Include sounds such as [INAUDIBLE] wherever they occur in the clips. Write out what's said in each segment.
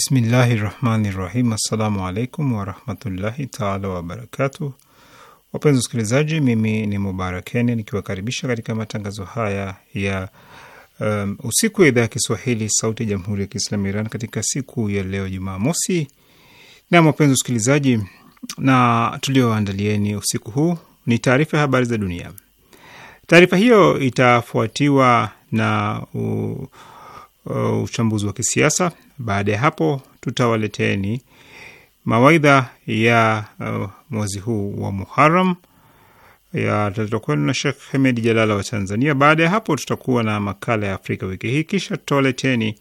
Bismillahi rahmani rahim. Assalamu alaikum warahmatullahi taala wabarakatu. Wapenzi wasikilizaji, mimi ni Mubarakeni nikiwakaribisha katika matangazo haya ya um, usiku wa idhaa ya Kiswahili sauti ya jamhuri ya Kiislamu Iran katika siku ya leo Jumamosi. Naam, wapenzi wasikilizaji, na tulioandalieni usiku huu ni taarifa ya habari za dunia. Taarifa hiyo itafuatiwa na u, u, uchambuzi wa kisiasa baada ya hapo tutawaleteni mawaidha ya uh, mwezi huu wa Muharam yataletwa kwenu na Shekh Hemedi Jalala wa Tanzania. Baada ya hapo tutakuwa na makala ya Afrika wiki hii, kisha tutawaleteni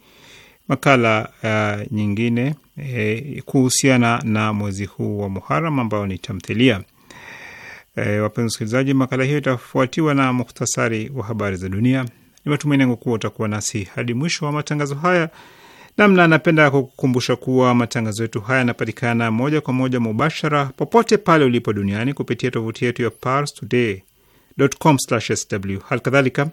makala uh, nyingine eh, kuhusiana na mwezi huu wa Muharam ambao ni tamthilia. Eh, wapenzi wasikilizaji, makala hiyo itafuatiwa na muhtasari wa habari za dunia. Ni matumaini yangu kuwa utakuwa nasi hadi mwisho wa matangazo haya namna. Napenda kukukumbusha kuwa matangazo yetu haya yanapatikana moja kwa moja mubashara popote pale ulipo duniani kupitia tovuti yetu ya parstoday.com/sw. Halikadhalika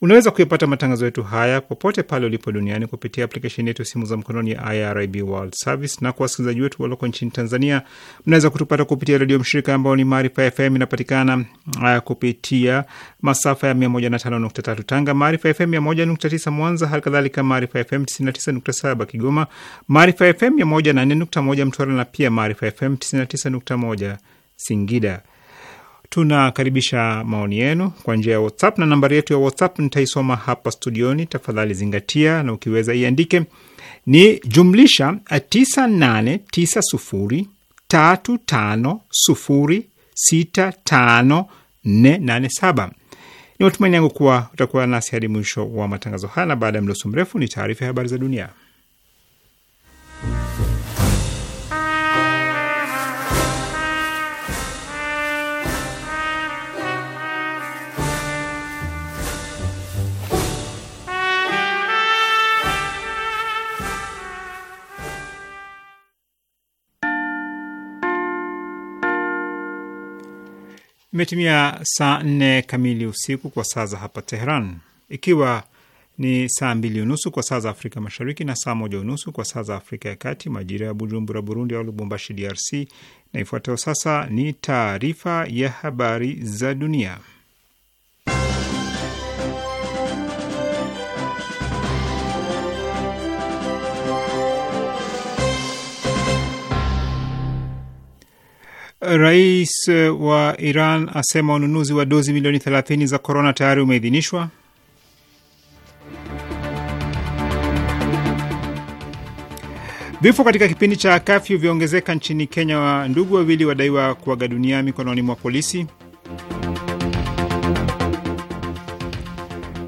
Unaweza kuyapata matangazo yetu haya popote pale ulipo duniani kupitia aplikesheni yetu simu za mkononi ya IRIB World Service, na kwa wasikilizaji wetu walioko nchini Tanzania, mnaweza kutupata kupitia redio mshirika ambao ni Maarifa FM. Inapatikana uh, kupitia masafa ya 105.3 Tanga, Maarifa FM 101.9 Mwanza, hali kadhalika Maarifa FM 99.7 Kigoma, Maarifa FM 104.1 Mtwara na pia Maarifa FM 99.1 Singida. Tunakaribisha maoni yenu kwa njia ya WhatsApp na nambari yetu ya WhatsApp nitaisoma hapa studioni. Tafadhali zingatia na ukiweza iandike, ni jumlisha 989035065487. Ni matumaini yangu kuwa utakuwa nasi hadi mwisho wa matangazo haya, na baada ya mdoso mrefu ni taarifa ya habari za dunia. Imetimia saa nne kamili usiku kwa saa za hapa Teheran, ikiwa ni saa mbili unusu kwa saa za Afrika Mashariki na saa moja unusu kwa saa za Afrika ya Kati, majira ya Bujumbura, Burundi au Lubumbashi, DRC. Na ifuatayo sasa ni taarifa ya habari za dunia. Rais eh, wa Iran asema ununuzi wa dozi milioni 30 za korona tayari umeidhinishwa. Vifo katika kipindi cha kafyu vyaongezeka nchini Kenya, wa ndugu wawili wadaiwa kuaga dunia mikononi mwa polisi.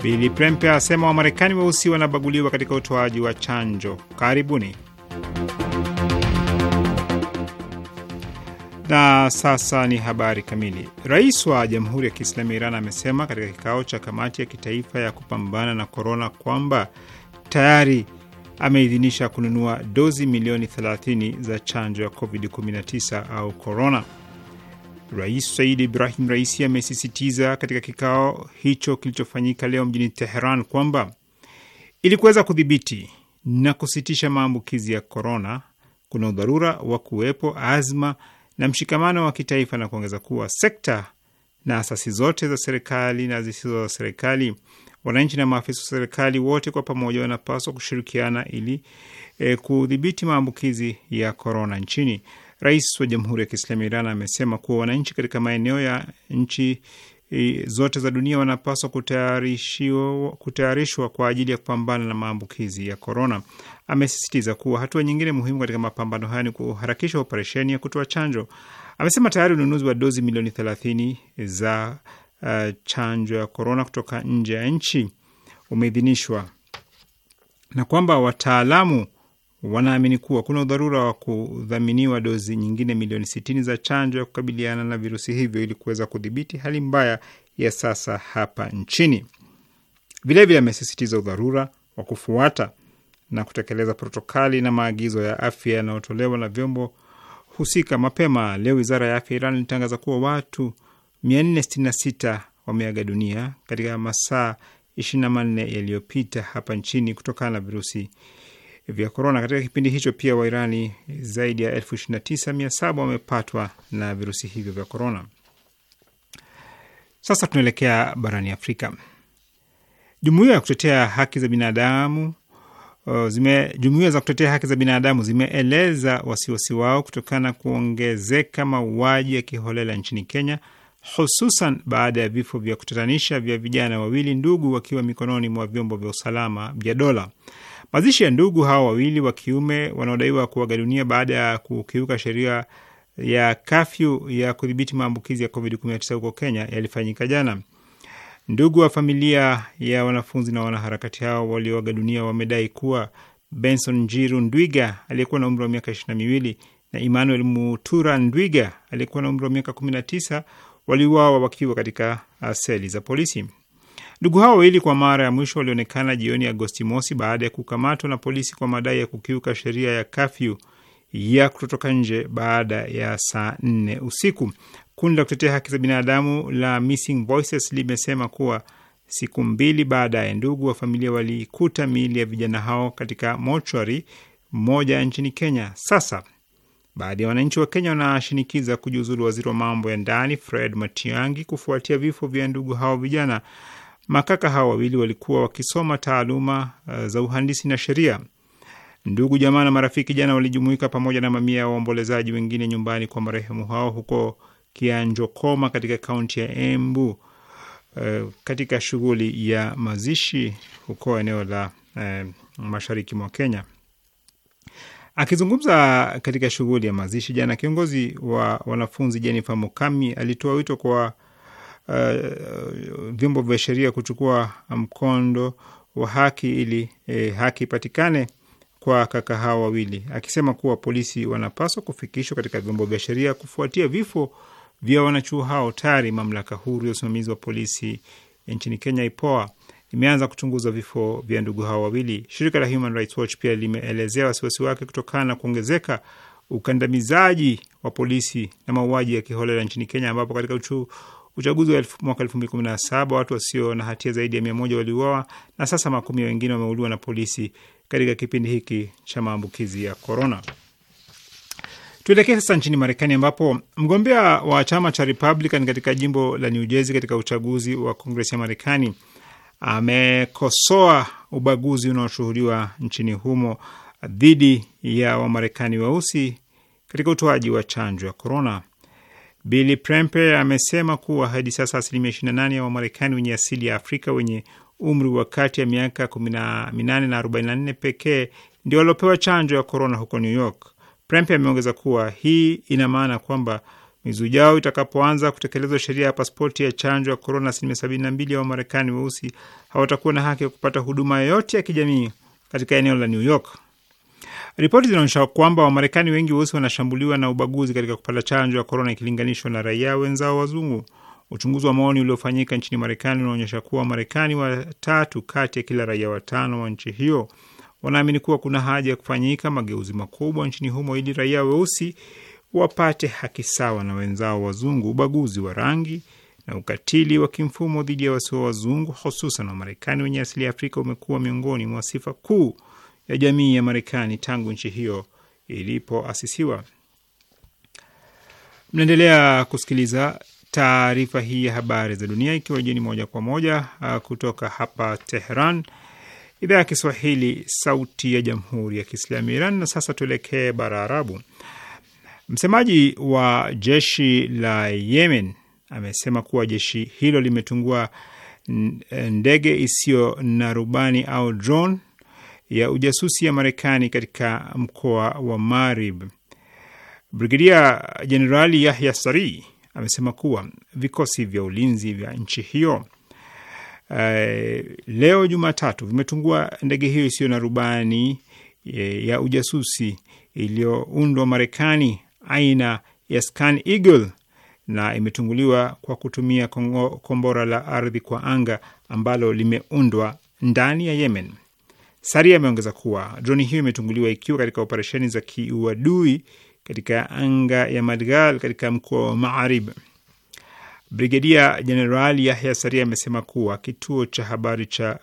Bili Prempe asema Wamarekani weusi wanabaguliwa katika utoaji wa chanjo. Karibuni. Na sasa ni habari kamili. Rais wa Jamhuri ya Kiislamu ya Iran amesema katika kikao cha kamati ya kitaifa ya kupambana na korona kwamba tayari ameidhinisha kununua dozi milioni 30 za chanjo ya COVID-19 au korona. Rais Said Ibrahim Raisi amesisitiza katika kikao hicho kilichofanyika leo mjini Teheran kwamba ili kuweza kudhibiti na kusitisha maambukizi ya korona kuna udharura wa kuwepo azma na mshikamano wa kitaifa na kuongeza kuwa sekta na asasi zote za serikali na zisizo za serikali, wananchi na maafisa wa serikali, wote kwa pamoja wanapaswa kushirikiana ili e, kudhibiti maambukizi ya korona nchini. Rais wa Jamhuri ya Kiislamu Iran amesema kuwa wananchi katika maeneo ya nchi zote za dunia wanapaswa kutayarishwa kwa ajili ya kupambana na maambukizi ya korona. Amesisitiza kuwa hatua nyingine muhimu katika mapambano haya ni kuharakisha operesheni ya kutoa chanjo. Amesema tayari ununuzi wa dozi milioni thelathini za uh, chanjo ya korona kutoka nje ya nchi umeidhinishwa na kwamba wataalamu wanaamini kuwa kuna udharura wa kudhaminiwa dozi nyingine milioni sitini za chanjo ya kukabiliana na virusi hivyo ili kuweza kudhibiti hali mbaya ya sasa hapa nchini. Vilevile amesisitiza udharura wa kufuata na kutekeleza protokali na maagizo ya afya yanayotolewa na vyombo husika. Mapema leo wizara ya afya Iran ilitangaza kuwa watu 466 wameaga dunia katika masaa 24 yaliyopita hapa nchini kutokana na virusi vya korona. Katika kipindi hicho pia Wairani zaidi ya 29700 wamepatwa na virusi hivyo vya korona. Sasa tunaelekea barani Afrika. Jumuiya ya kutetea haki za binadamu uh, zime, jumuiya za kutetea haki za binadamu zimeeleza wasiwasi wao kutokana na kuongezeka mauaji ya kiholela nchini Kenya, hususan baada ya vifo vya kutatanisha vya vijana wawili ndugu wakiwa mikononi mwa vyombo vya usalama vya dola. Mazishi ya ndugu hao wawili wa kiume wanaodaiwa kuaga dunia baada ya kukiuka sheria ya kafyu ya kudhibiti maambukizi ya COVID-19 huko Kenya yalifanyika jana. Ndugu wa familia ya wanafunzi na wanaharakati hao walioaga dunia wamedai kuwa Benson Njiru Ndwiga aliyekuwa na umri wa miaka ishirini na miwili na Emmanuel Mutura Ndwiga aliyekuwa na umri wa miaka kumi na tisa waliuawa wakiwa katika uh, seli za polisi. Ndugu hao wawili kwa mara ya mwisho walionekana jioni ya Agosti mosi baada ya kukamatwa na polisi kwa madai ya kukiuka sheria ya kafyu ya kutotoka nje baada ya saa nne usiku. Kundi la kutetea haki za binadamu la Missing Voices limesema kuwa siku mbili baadaye ndugu wa familia walikuta miili ya vijana hao katika mochwari moja nchini Kenya. Sasa baadhi ya wananchi wa Kenya wanashinikiza kujiuzulu waziri wa mambo ya ndani Fred Matiang'i kufuatia vifo vya ndugu hao vijana. Makaka hawa wawili walikuwa wakisoma taaluma eh, za uhandisi na sheria. Ndugu jamaa na marafiki jana walijumuika pamoja na mamia ya waombolezaji wengine nyumbani kwa marehemu hao huko Kianjokoma katika kaunti ya Embu uh, katika shughuli ya mazishi huko eneo la uh, mashariki mwa Kenya. Akizungumza katika shughuli ya mazishi jana, kiongozi wa wanafunzi Jennifer Mukami alitoa wito kwa uh, vyombo vya sheria kuchukua mkondo wa haki ili eh, haki ipatikane kwa kaka hao wawili, akisema kuwa polisi wanapaswa kufikishwa katika vyombo vya sheria kufuatia vifo vya wanachuo hao. Tayari mamlaka huru ya usimamizi wa polisi nchini Kenya, IPOA, imeanza kuchunguza vifo vya ndugu hao wawili. Shirika la Human Rights Watch pia limeelezea wasiwasi wake kutokana na kuongezeka ukandamizaji wa polisi na mauaji ya kiholela nchini Kenya, ambapo katika uchu Uchaguzi wa mwaka elfu mbili kumi na saba watu wasio na hatia zaidi ya mia moja waliuawa na sasa makumi wengine wameuliwa na polisi katika kipindi hiki cha maambukizi ya korona. Tuelekee sasa nchini Marekani ambapo mgombea wa chama cha Republican katika jimbo la New Jersey katika uchaguzi wa Kongresi ya Marekani amekosoa ubaguzi unaoshuhudiwa nchini humo dhidi ya Wamarekani weusi katika utoaji wa chanjo ya korona. Billy Prempe amesema kuwa hadi sasa asilimia 28 ya Wamarekani wenye asili ya Afrika wenye umri wa kati ya miaka 18 na 44 pekee ndio waliopewa chanjo ya korona huko New York. Prempe ameongeza kuwa hii ina maana kwamba mwezi ujao itakapoanza kutekelezwa sheria ya pasipoti ya chanjo ya korona, asilimia 72 ya Wamarekani weusi hawatakuwa na haki ya kupata huduma yoyote ya kijamii katika eneo la New York. Ripoti zinaonyesha kwamba Wamarekani wengi weusi wanashambuliwa na ubaguzi katika kupata chanjo ya korona ikilinganishwa na raia wenzao wazungu. Uchunguzi wa maoni uliofanyika nchini Marekani unaonyesha kuwa Wamarekani watatu kati ya kila raia watano wa nchi hiyo wanaamini kuwa kuna haja ya kufanyika mageuzi makubwa nchini humo ili raia weusi wapate haki sawa na wenzao wazungu. Ubaguzi wa rangi na ukatili wa kimfumo dhidi ya wasio wazungu, hususan Wamarekani wenye asili ya Afrika, umekuwa miongoni mwa sifa kuu ya jamii ya Marekani tangu nchi hiyo ilipoasisiwa. Mnaendelea kusikiliza taarifa hii ya habari za dunia ikiwa jini moja kwa moja uh, kutoka hapa Tehran, idhaa ya Kiswahili, sauti ya jamhuri ya kiislamu ya Iran. Na sasa tuelekee bara Arabu. Msemaji wa jeshi la Yemen amesema kuwa jeshi hilo limetungua ndege isiyo na rubani au drone ya ujasusi ya Marekani katika mkoa wa Marib. Brigedia Jenerali Yahya Sari amesema kuwa vikosi vya ulinzi vya nchi hiyo uh, leo Jumatatu vimetungua ndege hiyo isiyo na rubani eh, ya ujasusi iliyoundwa Marekani aina ya Scan Eagle na imetunguliwa kwa kutumia kombora la ardhi kwa anga ambalo limeundwa ndani ya Yemen. Saria ameongeza kuwa droni hiyo imetunguliwa ikiwa katika operesheni za kiuadui katika anga ya Madgal katika mkoa wa Maarib. Brigedia Jenerali Yahya Saria amesema kuwa kituo cha habari cha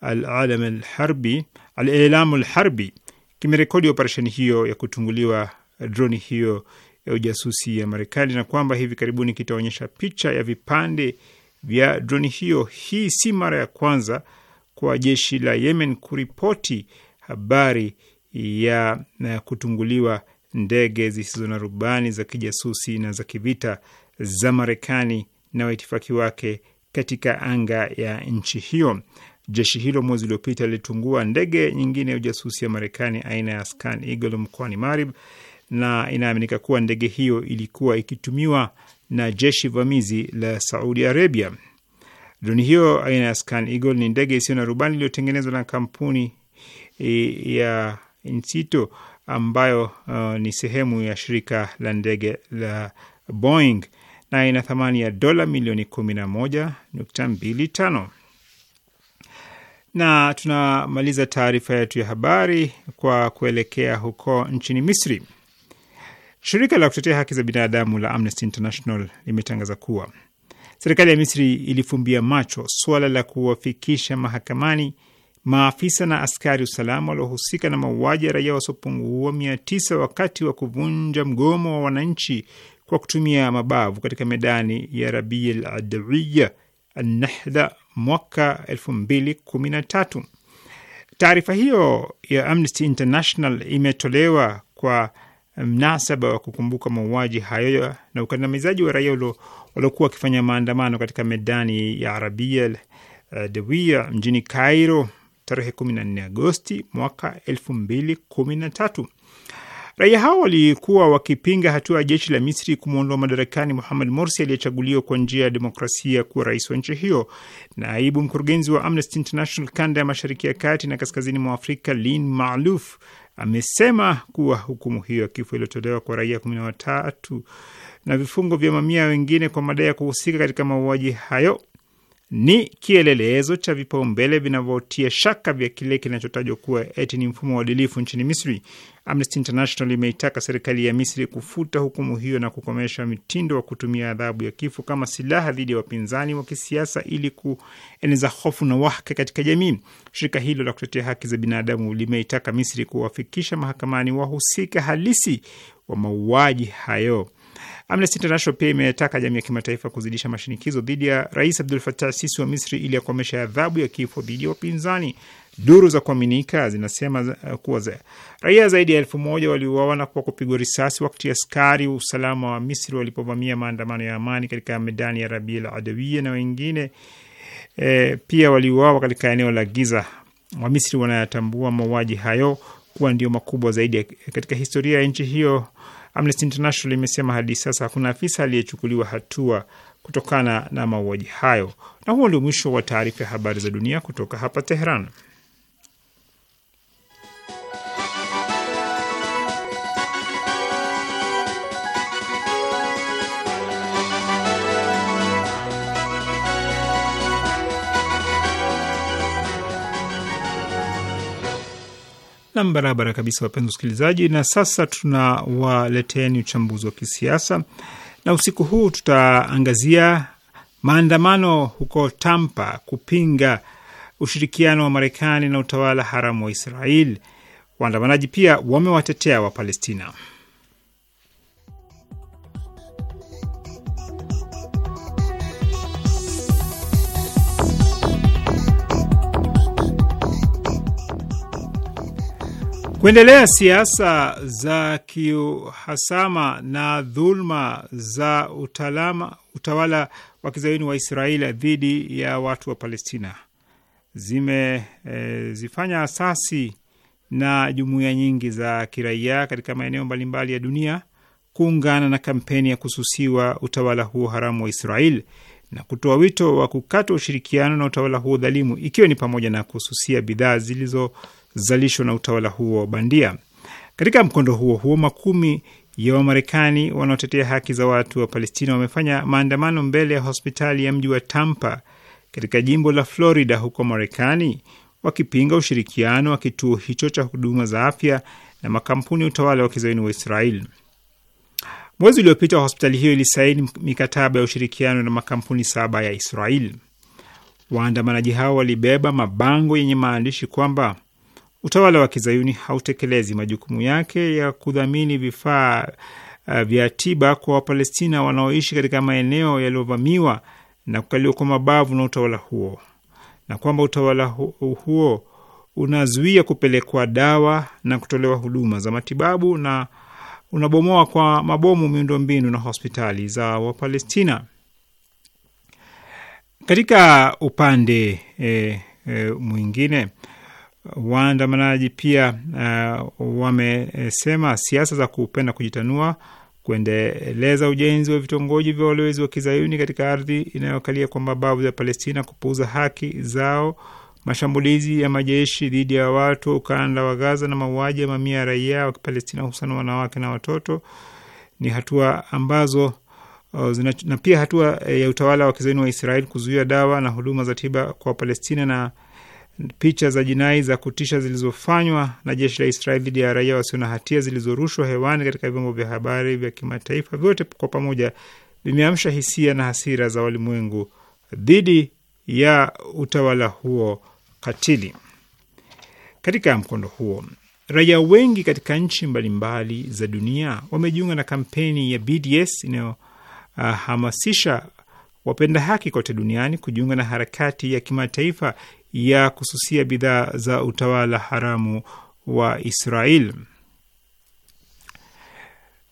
Alalam al Alharbi Alilamu Alharbi kimerekodi operesheni hiyo ya kutunguliwa droni hiyo ya ujasusi ya Marekani na kwamba hivi karibuni kitaonyesha picha ya vipande vya droni hiyo. Hii si mara ya kwanza kwa jeshi la Yemen kuripoti habari ya kutunguliwa ndege zisizo na rubani za kijasusi na za kivita za Marekani na waitifaki wake katika anga ya nchi hiyo. Jeshi hilo mwezi uliopita lilitungua ndege nyingine ya ujasusi ya Marekani aina ya Scan Eagle mkoani Marib, na inaaminika kuwa ndege hiyo ilikuwa ikitumiwa na jeshi vamizi la Saudi Arabia. Droni hiyo aina ya Scan Eagle ni ndege isiyo na rubani iliyotengenezwa na kampuni e, ya nsito ambayo uh, ni sehemu ya shirika la ndege la Boeing na ina thamani ya dola milioni kumi na moja nukta mbili tano. Na tunamaliza taarifa yetu ya habari kwa kuelekea huko nchini Misri. Shirika la kutetea haki za binadamu la Amnesty International limetangaza kuwa Serikali ya Misri ilifumbia macho suala la kuwafikisha mahakamani maafisa na askari usalama waliohusika na mauaji ya raia wasiopungua mia tisa wakati wa kuvunja mgomo wa wananchi kwa kutumia mabavu katika medani ya Rabiul Adawiya Annahda mwaka elfu mbili kumi na tatu. Taarifa hiyo ya Amnesty International imetolewa kwa mnasaba wa kukumbuka mauaji hayo na ukandamizaji wa raia ulio waliokuwa wakifanya maandamano katika medani ya Arabia Dawia mjini Cairo tarehe 14 Agosti mwaka 2013. Raia hao walikuwa wakipinga hatua ya jeshi la Misri kumwondoa madarakani Muhammad Morsi aliyechaguliwa kwa njia ya demokrasia kuwa rais wa nchi hiyo. Naibu mkurugenzi wa Amnesty International kanda ya mashariki ya kati na kaskazini mwa Afrika, Lin Maaluf amesema kuwa hukumu hiyo ya kifo iliyotolewa kwa raia 13 na vifungo vya mamia wengine kwa madai ya kuhusika katika mauaji hayo ni kielelezo cha vipaumbele vinavyotia shaka vya kile kinachotajwa kuwa eti ni mfumo wa adilifu nchini Misri. Amnesty International imeitaka serikali ya Misri kufuta hukumu hiyo na kukomesha mitindo wa kutumia adhabu ya kifo kama silaha dhidi ya wapinzani wa kisiasa ili kueneza hofu na wahke katika jamii. Shirika hilo la kutetea haki za binadamu limeitaka Misri kuwafikisha mahakamani wahusika halisi wa mauaji hayo. Amnesty International pia imetaka jamii ya kimataifa kuzidisha mashinikizo dhidi ya Rais Abdul fatah Sisi wa Misri ili akomesha adhabu ya kifo dhidi ya wapinzani. Duru za kuaminika zinasema uh, kuwa za raia zaidi ya elfu moja waliuawa na kwa kupigwa risasi wakati askari wa usalama wa Misri walipovamia maandamano ya amani katika medani ya Rabiul Adawiya na wengine e, pia waliuawa katika eneo la Giza. Wamisri wanayatambua mauaji hayo kuwa ndio makubwa zaidi katika historia ya nchi hiyo Amnesty International imesema hadi sasa hakuna afisa aliyechukuliwa hatua kutokana na mauaji hayo. Na huo ndio mwisho wa taarifa ya habari za dunia kutoka hapa Teheran. Nam, barabara kabisa, wapenzi wasikilizaji. Na sasa tunawaleteni uchambuzi wa kisiasa, na usiku huu tutaangazia maandamano huko Tampa kupinga ushirikiano wa Marekani na utawala haramu wa Israel. Waandamanaji pia wamewatetea Wapalestina. Kuendelea siasa za kiuhasama na dhulma za utalama, utawala wa kizayuni wa Israeli dhidi ya watu wa Palestina zimezifanya eh, e, asasi na jumuiya nyingi za kiraia katika maeneo mbalimbali ya dunia kuungana na kampeni ya kususiwa utawala huo haramu wa Israeli na kutoa wito wa kukata ushirikiano na utawala huo dhalimu, ikiwa ni pamoja na kususia bidhaa zilizo zalishwa na utawala huo wa bandia. Katika mkondo huo huo, makumi ya Wamarekani wanaotetea haki za watu wa Palestina wamefanya maandamano mbele ya hospitali ya mji wa Tampa katika jimbo la Florida huko Marekani, wakipinga ushirikiano wa kituo hicho cha huduma za afya na makampuni ya utawala wa kizaini wa israel Mwezi uliopita hospitali hiyo ilisaini mikataba ya ushirikiano na makampuni saba ya israel Waandamanaji hao walibeba mabango yenye maandishi kwamba utawala wa kizayuni hautekelezi majukumu yake ya kudhamini vifaa uh, vya tiba kwa Wapalestina wanaoishi katika maeneo yaliyovamiwa na kukaliwa kwa mabavu na utawala huo, na kwamba utawala huo unazuia kupelekwa dawa na kutolewa huduma za matibabu na unabomoa kwa mabomu miundombinu na hospitali za Wapalestina. Katika upande eh, eh, mwingine Waandamanaji pia uh, wamesema siasa za kupenda kujitanua, kuendeleza ujenzi wa vitongoji vya walowezi wa kizayuni katika ardhi inayokalia kwa mabavu ya Palestina, kupuuza haki zao, mashambulizi ya majeshi dhidi ya watu wa ukanda wa Gaza na mauaji ya mamia ya raia wa Kipalestina, hususan wanawake na watoto ni hatua ambazo uh, zina, na pia hatua eh, ya utawala wa kizayuni wa israel kuzuia dawa na huduma za tiba kwa Palestina na picha za jinai za kutisha zilizofanywa na jeshi la Israeli dhidi ya raia wasio na hatia zilizorushwa hewani katika vyombo vya habari vya kimataifa, vyote kwa pamoja vimeamsha hisia na hasira za walimwengu dhidi ya utawala huo katili. Katika mkondo huo, raia wengi katika nchi mbalimbali za dunia wamejiunga na kampeni ya BDS inayohamasisha uh, wapenda haki kote duniani kujiunga na harakati ya kimataifa ya kususia bidhaa za utawala haramu wa Israel.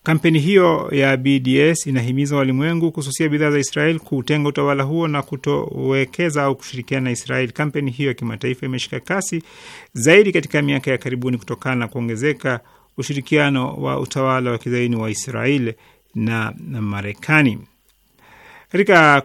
Kampeni hiyo ya BDS inahimiza walimwengu kususia bidhaa za Israel, kutenga utawala huo na kutowekeza au kushirikiana na Israel. Kampeni hiyo ya kimataifa imeshika kasi zaidi katika miaka ya karibuni kutokana na kuongezeka ushirikiano wa utawala wa kizaini wa Israel na, na Marekani. Katika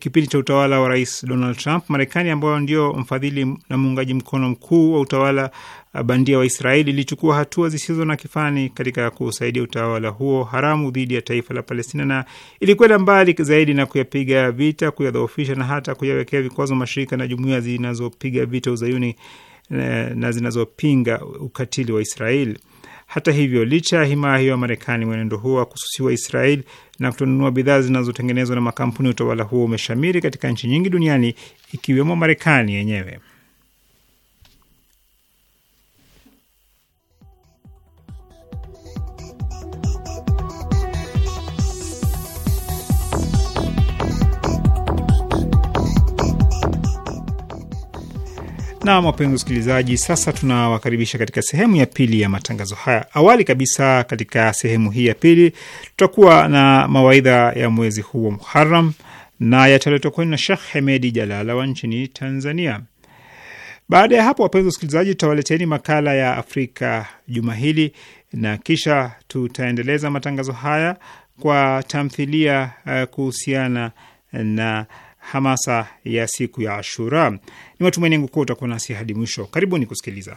kipindi cha utawala wa rais Donald Trump, Marekani ambayo ndio mfadhili na muungaji mkono mkuu wa utawala uh, bandia wa Israeli ilichukua hatua zisizo na kifani katika kusaidia utawala huo haramu dhidi ya taifa la Palestina, na ilikwenda mbali zaidi na kuyapiga vita, kuyadhoofisha na hata kuyawekea vikwazo mashirika na jumuiya zinazopiga vita uzayuni eh, na zinazopinga ukatili wa Israeli. Hata hivyo, licha ya himaya hiyo ya Marekani, mwenendo huo wa kususiwa Israel na kutonunua bidhaa zinazotengenezwa na makampuni ya utawala huo umeshamiri katika nchi nyingi duniani ikiwemo Marekani yenyewe. Na wapenzi usikilizaji sasa tunawakaribisha katika sehemu ya pili ya matangazo haya. Awali kabisa, katika sehemu hii ya pili tutakuwa na mawaidha ya mwezi huu wa Muharram na yataletwa kwenu na Shekh Hemedi Jalala wa nchini Tanzania. Baada ya hapo, wapenzi usikilizaji, tutawaleteni makala ya Afrika juma hili na kisha tutaendeleza matangazo haya kwa tamthilia eh, kuhusiana na hamasa ya siku ya Ashura. Ni matumaini yangu kuwa utakuwa nasi hadi mwisho. Karibuni kusikiliza.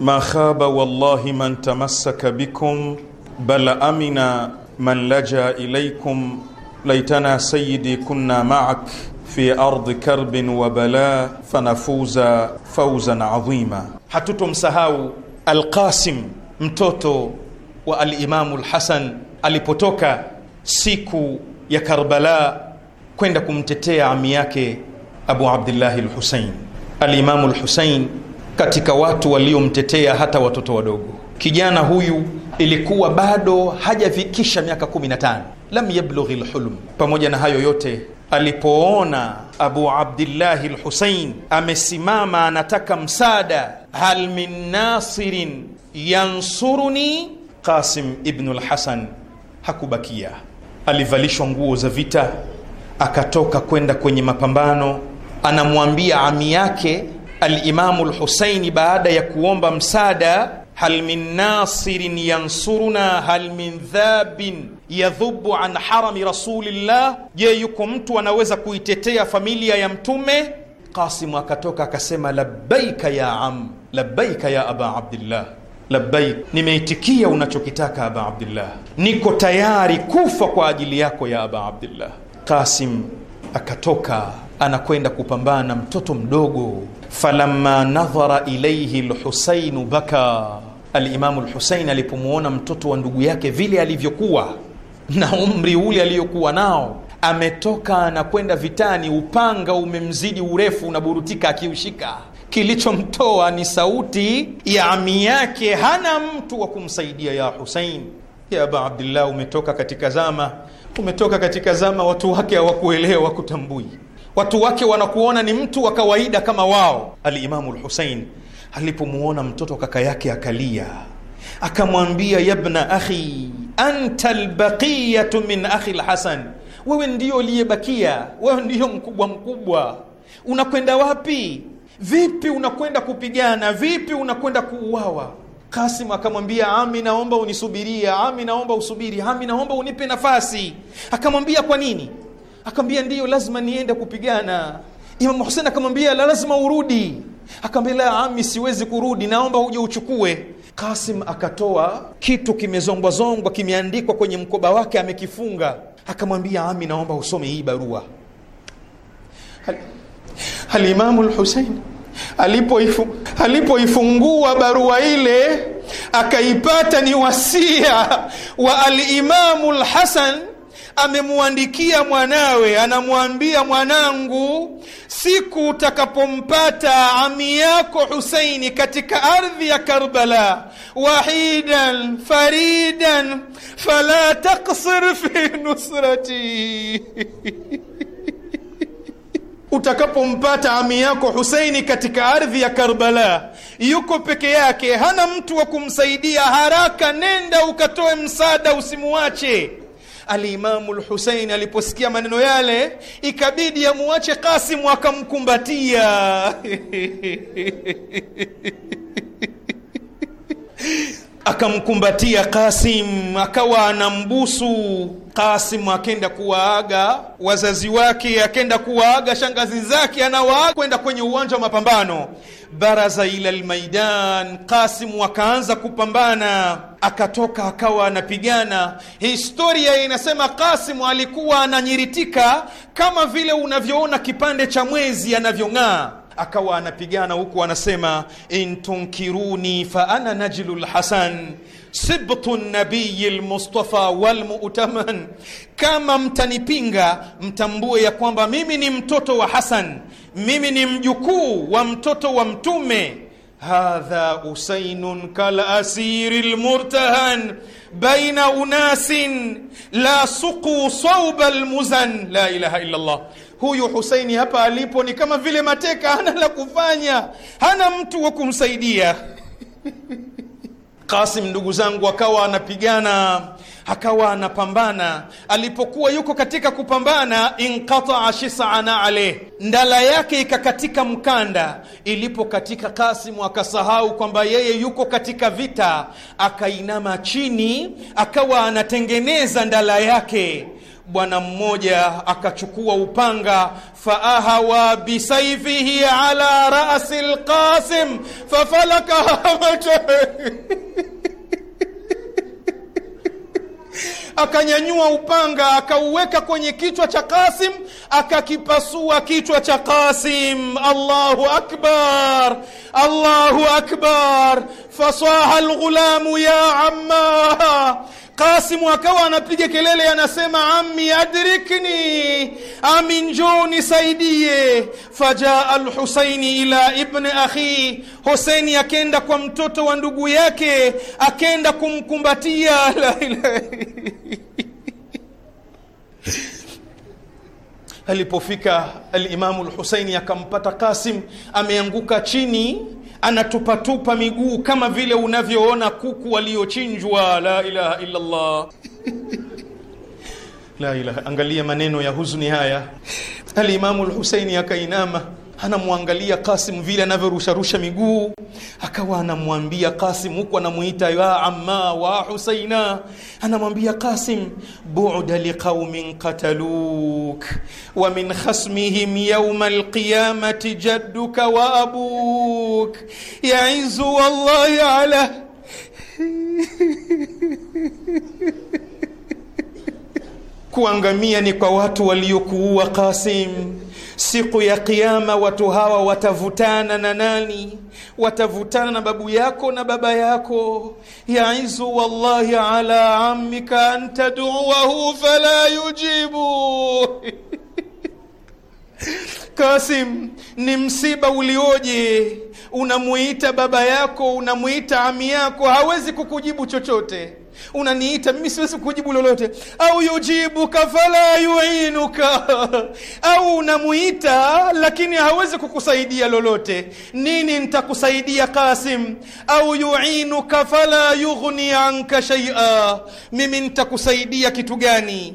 ما خاب والله من تمسك بكم بل أمن من لجأ إليكم ليتنا سيدي كنا معك fi ardhi karbin wa bala fanafuza fauzan adhima. Hatutomsahau Alqasim mtoto wa Alimamu Lhasan alipotoka siku ya Karbala kwenda kumtetea ami yake Abu Abdillahi Lhusain. Alimamu Lhusain katika watu waliomtetea hata watoto wadogo. Kijana huyu ilikuwa bado hajafikisha miaka 15, lam yablughi lhulm. Pamoja na hayo yote, alipoona Abu Abdillahi Lhusain amesimama anataka msaada, hal min nasirin yansuruni, Qasim ibnu Lhasan hakubakia. Alivalishwa nguo za vita, akatoka kwenda kwenye mapambano. Anamwambia ami yake Alimamu Lhusaini baada ya kuomba msaada, hal min nasirin yansuruna hal min dhabin yadhubu an harami rasulillah, je, yuko mtu anaweza kuitetea familia ya Mtume? Qasimu akatoka akasema, labbaika ya am, labbaika ya aba abdillah Labbaik, nimeitikia unachokitaka aba Abdillah, niko tayari kufa kwa ajili yako ya aba Abdillah. Qasim akatoka anakwenda kupambana na mtoto mdogo. falamma nadhara ilaihi lhusainu baka, Alimamu Lhusain alipomwona mtoto wa ndugu yake vile alivyokuwa na umri ule aliyokuwa nao, ametoka anakwenda vitani, upanga umemzidi urefu, unaburutika akiushika kilichomtoa ni sauti ya ami yake, hana mtu wa kumsaidia. Ya husein ya aba Abdillah, umetoka katika zama, umetoka katika zama watu wake hawakuelewa, kutambui watu wake wanakuona ni mtu wa kawaida kama wao. Alimamu Lhusein alipomuona mtoto kaka yake akalia, akamwambia yabna akhi anta lbaqiyatu min akhi lhasan, wewe ndio uliyebakia, wewe ndiyo mkubwa mkubwa. Unakwenda wapi? Vipi unakwenda kupigana? Vipi unakwenda kuuawa? Kasim akamwambia ami, naomba unisubiria. Ami, naomba usubiri. Ami, naomba unipe nafasi. Akamwambia kwa nini? akamwambia ndiyo lazima niende kupigana imamu husein akamwambia la lazima urudi Akamwambia la ami siwezi kurudi naomba uje uchukue kasim akatoa kitu kimezongwazongwa kimeandikwa kwenye mkoba wake amekifunga akamwambia ami naomba usome hii barua alimamu Al lhusein alipoifungua alipo barua ile akaipata ni wasia wa alimamu lhasan amemwandikia mwanawe, anamwambia mwanangu, siku utakapompata ami yako huseini katika ardhi ya Karbala, wahidan faridan, fala taksir fi nusrati [LAUGHS] Utakapompata ami yako huseini katika ardhi ya Karbala, yuko peke yake, hana mtu wa kumsaidia, haraka nenda ukatoe msaada, usimuache alimamu lhusein aliposikia maneno yale ikabidi amuache kasimu akamkumbatia [LAUGHS] akamkumbatia Kasim, akawa anambusu Kasim. Akenda kuwaaga wazazi wake, akenda kuwaaga shangazi zake, anawaaga kwenda kwenye uwanja wa mapambano, baraza ila almaidan. Kasim akaanza kupambana, akatoka akawa anapigana. Historia inasema Kasim alikuwa ananyiritika kama vile unavyoona kipande cha mwezi anavyong'aa akawa anapigana huku anasema, intunkiruni fa ana najlu lhasan sibtu nabiyi lmustafa walmutaman, kama mtanipinga mtambue ya kwamba mimi ni mtoto wa Hasan, mimi ni mjukuu wa mtoto wa Mtume. Hadha usainun kalasiri lmurtahan baina unasin la suquu sauba lmuzan. La ilaha illa Allah huyu Husaini hapa alipo ni kama vile mateka, hana la kufanya, hana mtu wa kumsaidia Qasim [LAUGHS] ndugu zangu, akawa anapigana akawa anapambana. Alipokuwa yuko katika kupambana, inqataa shisana aleh, ndala yake ikakatika mkanda. Ilipokatika, Kasimu akasahau kwamba yeye yuko katika vita, akainama chini, akawa anatengeneza ndala yake bwana mmoja akachukua upanga, faahawa bisaifihi ala rasi lqasim fafalaka hamata [LAUGHS] akanyanyua upanga akauweka kwenye kichwa cha kasim akakipasua kichwa cha Qasim. Allahu akbar, Allahu akbar. Fasaha lghulamu ya amma Kasimu akawa anapiga kelele, anasema ammi adrikni, ami njoo nisaidie. Fajaa alhusaini ila ibni akhi, Husaini akenda kwa mtoto wa ndugu yake, akenda kumkumbatia. [LAUGHS] La ilaha alipofika alimamu Lhusaini akampata Kasim ameanguka chini anatupatupa miguu kama vile unavyoona kuku waliochinjwa. La ilaha illa Allah. La ilaha. Angalia maneno ya huzuni haya. Alimamu Lhuseini akainama anamwangalia Kasim vile anavyorusharusha miguu, akawa anamwambia Kasim, huku anamuita ya amma wa Husaina, anamwambia Kasim, bu'da liqaumin kataluk wa min khasmihim yawma alqiyamati jadduka wa abuk yaizu wallahi ala [LAUGHS] kuangamia ni kwa watu waliokuua Kasim Siku ya Kiyama watu hawa watavutana na nani? Watavutana na babu yako na baba yako. Yaizu wallahi ala amika an tad'uahu fala yujibu [LAUGHS] Kasim, ni msiba ulioje! Unamuita baba yako, unamuita ami yako, hawezi kukujibu chochote unaniita mimi siwezi kujibu lolote au yujibuka fala yuinuka au unamuita lakini hawezi kukusaidia lolote nini nitakusaidia kasim au yuinuka fala yughni anka shaia mimi nitakusaidia kitu gani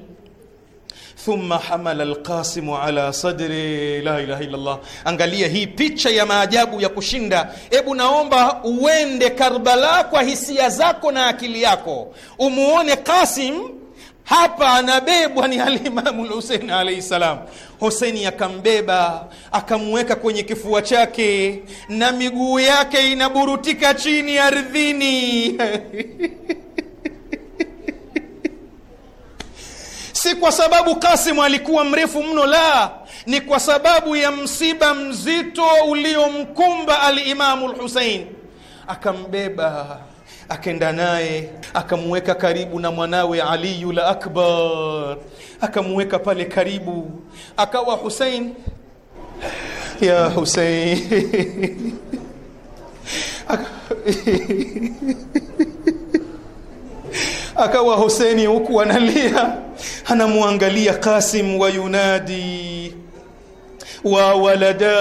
thumma hamala alqasimu ala sadri la ilaha Allah. Angalia hii picha ya maajabu ya kushinda. Ebu naomba uende Karbala kwa hisia zako na akili yako, umuone Qasim hapa anabebwa ni alimamu Lhusein alaihi salam. Huseini akambeba akamweka kwenye kifua chake na miguu yake inaburutika chini ardhini [LAUGHS] si kwa sababu Kasimu alikuwa mrefu mno, la, ni kwa sababu ya msiba mzito uliomkumba alimamu Lhusein. Akambeba, akenda naye, akamweka karibu na mwanawe Aliyu l Akbar, akamweka pale karibu, akawa Husein ya Husein akawa Huseni huku analia anamwangalia Kasim wa yunadi wa walada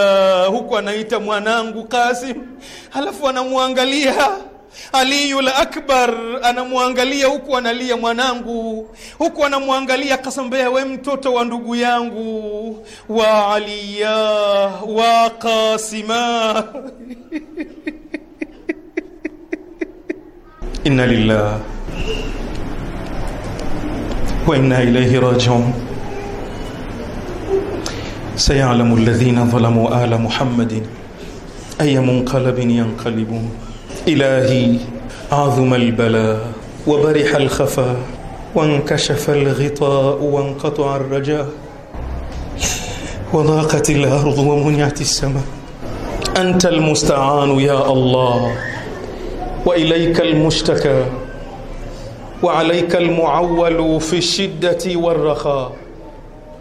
huku anaita mwanangu Kasim, alafu anamwangalia Aliyul Akbar anamwangalia huku analia mwanangu, huku anamwangalia Kasambea, we mtoto wa ndugu yangu wa Aliya wa Kasima [LAUGHS] inna lillah وإنا إليه راجعون سيعلم الذين ظلموا آل محمد أي منقلب ينقلبون إلهي عظم البلاء وبرح الخفاء وانكشف الغطاء وانقطع الرجاء وضاقت الأرض ومنعت السماء أنت المستعان يا الله وإليك المشتكى وعليك المعول في الشدة والرخاء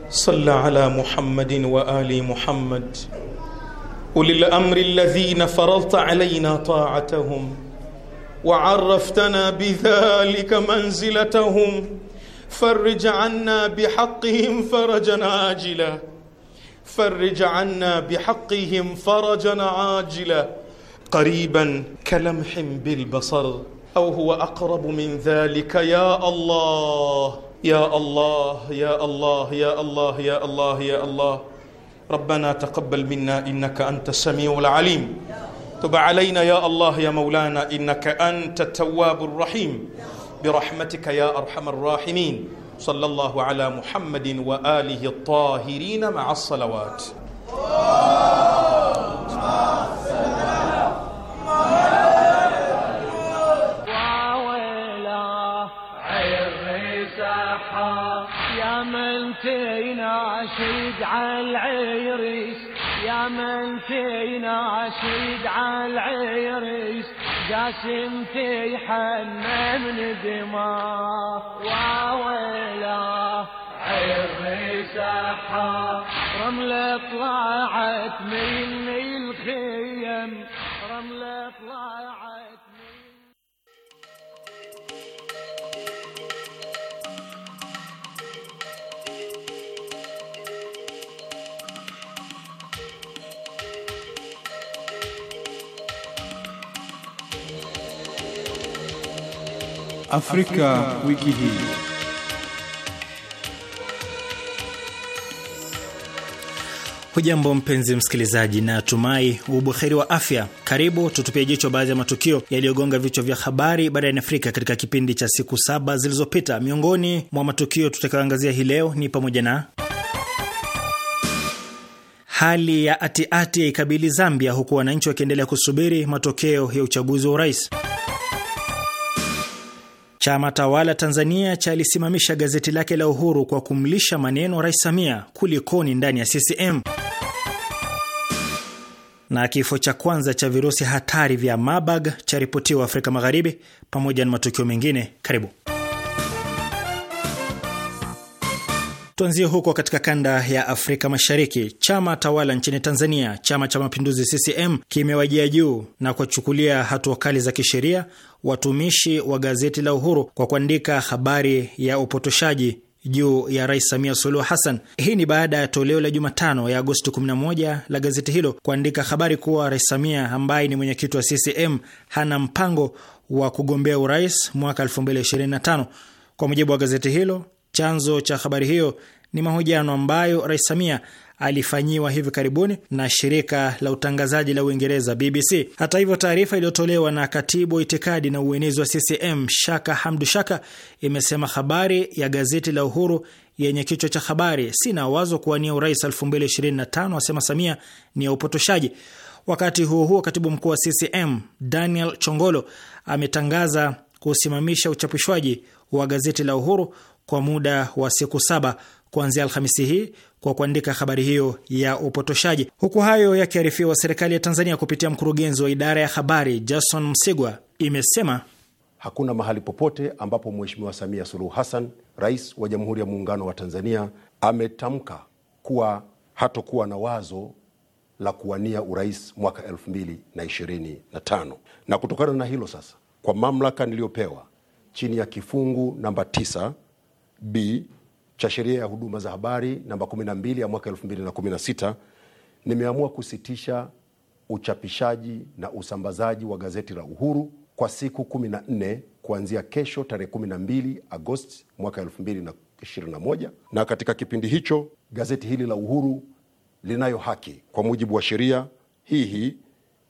صل على محمد وآل محمد أولي الأمر الذين فرضت علينا طاعتهم وعرفتنا بذلك منزلتهم فرج عنا بحقهم فرجا عاجلا فرج عنا بحقهم فرجا عاجلا قريبا كلمح بالبصر أو هو أقرب من ذلك يا الله يا الله يا الله يا الله يا الله يا الله ربنا تقبل منا إنك أنت السميع العليم تب علينا يا الله يا مولانا إنك أنت التواب الرحيم برحمتك يا أرحم الراحمين صلى الله على محمد وآله الطاهرين مع الصلوات فينا شيد على العيريس يا من فينا شيد على العيريس جاسم في حمام دماء وويلا عيريس رملة طلعت من الخيم Afrika, wiki hii. Hujambo mpenzi msikilizaji, na tumai ubuheri wa afya. Karibu tutupie jicho baadhi ya matukio yaliyogonga vichwa vya habari barani Afrika katika kipindi cha siku saba zilizopita. Miongoni mwa matukio tutakayoangazia hii leo ni pamoja na hali ya atiati ikabili Zambia, huku wananchi wakiendelea kusubiri matokeo ya uchaguzi wa urais Chama tawala Tanzania chalisimamisha gazeti lake la Uhuru kwa kumlisha maneno Rais Samia kulikoni ndani ya CCM. Na kifo cha kwanza cha virusi hatari vya Marburg ripotiwa Afrika Magharibi, pamoja na matukio mengine. Karibu. Tuanzie huko katika kanda ya Afrika Mashariki. Chama tawala nchini Tanzania, Chama cha Mapinduzi CCM, kimewajia juu na kuwachukulia hatua kali za kisheria watumishi wa gazeti la Uhuru kwa kuandika habari ya upotoshaji juu ya Rais Samia Suluhu Hassan. Hii ni baada ya toleo la Jumatano ya Agosti 11 la gazeti hilo kuandika habari kuwa Rais Samia ambaye ni mwenyekiti wa CCM hana mpango wa kugombea urais mwaka 2025. Kwa mujibu wa gazeti hilo Chanzo cha habari hiyo ni mahojiano ambayo Rais Samia alifanyiwa hivi karibuni na shirika la utangazaji la Uingereza BBC. Hata hivyo, taarifa iliyotolewa na katibu wa itikadi na uenezi wa CCM Shaka Hamdu Shaka imesema habari ya gazeti la Uhuru yenye kichwa cha habari sina wazo kuwania urais 2025 asema Samia ni ya upotoshaji. Wakati huo huo, katibu mkuu wa CCM Daniel Chongolo ametangaza kusimamisha uchapishwaji wa gazeti la Uhuru kwa muda wa siku saba kuanzia Alhamisi hii kwa kuandika habari hiyo ya upotoshaji. Huku hayo yakiarifiwa, serikali ya Tanzania kupitia mkurugenzi wa idara ya habari Jason Msigwa imesema hakuna mahali popote ambapo Mheshimiwa Samia Suluhu Hassan, rais wa Jamhuri ya Muungano wa Tanzania, ametamka kuwa hatokuwa na wazo la kuwania urais mwaka 2025 na kutokana na hilo sasa, kwa mamlaka niliyopewa chini ya kifungu namba B cha sheria ya huduma za habari namba 12 ya mwaka 2016 nimeamua kusitisha uchapishaji na usambazaji wa gazeti la Uhuru kwa siku 14 kuanzia kesho tarehe 12 Agosti mwaka 2021, na katika kipindi hicho gazeti hili la Uhuru linayo haki kwa mujibu wa sheria hii hii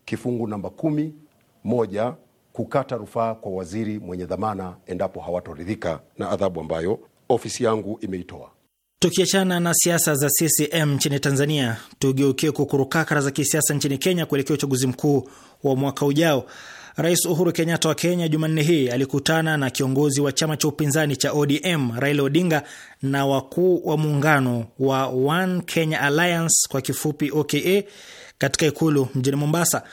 kifungu namba kumi moja kukata rufaa kwa waziri mwenye dhamana endapo hawatoridhika na adhabu ambayo ofisi yangu imeitoa. Tukiachana na siasa za CCM nchini Tanzania, tugeukie kukurukakara za kisiasa nchini Kenya kuelekea uchaguzi mkuu wa mwaka ujao. Rais Uhuru Kenyatta wa Kenya Jumanne hii alikutana na kiongozi wa chama cha upinzani cha ODM Raila Odinga na wakuu wa muungano wa One Kenya Alliance kwa kifupi OKA katika ikulu mjini Mombasa.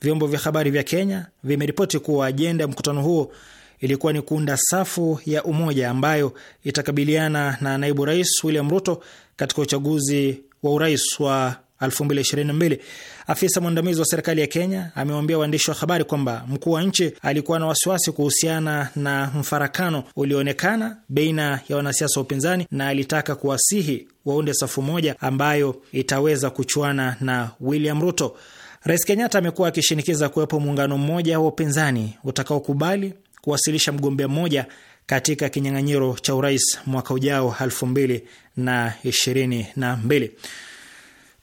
Vyombo vya habari vya Kenya vimeripoti kuwa ajenda ya mkutano huo ilikuwa ni kuunda safu ya umoja ambayo itakabiliana na naibu rais William Ruto katika uchaguzi wa urais wa 2022. Afisa mwandamizi wa serikali ya Kenya amewaambia waandishi wa habari kwamba mkuu wa nchi alikuwa na wasiwasi kuhusiana na mfarakano ulioonekana baina ya wanasiasa wa upinzani na alitaka kuwasihi waunde safu moja ambayo itaweza kuchuana na William Ruto. Rais Kenyatta amekuwa akishinikiza kuwepo muungano mmoja wa upinzani utakaokubali kuwasilisha mgombea mmoja katika kinyang'anyiro cha urais mwaka ujao 2022.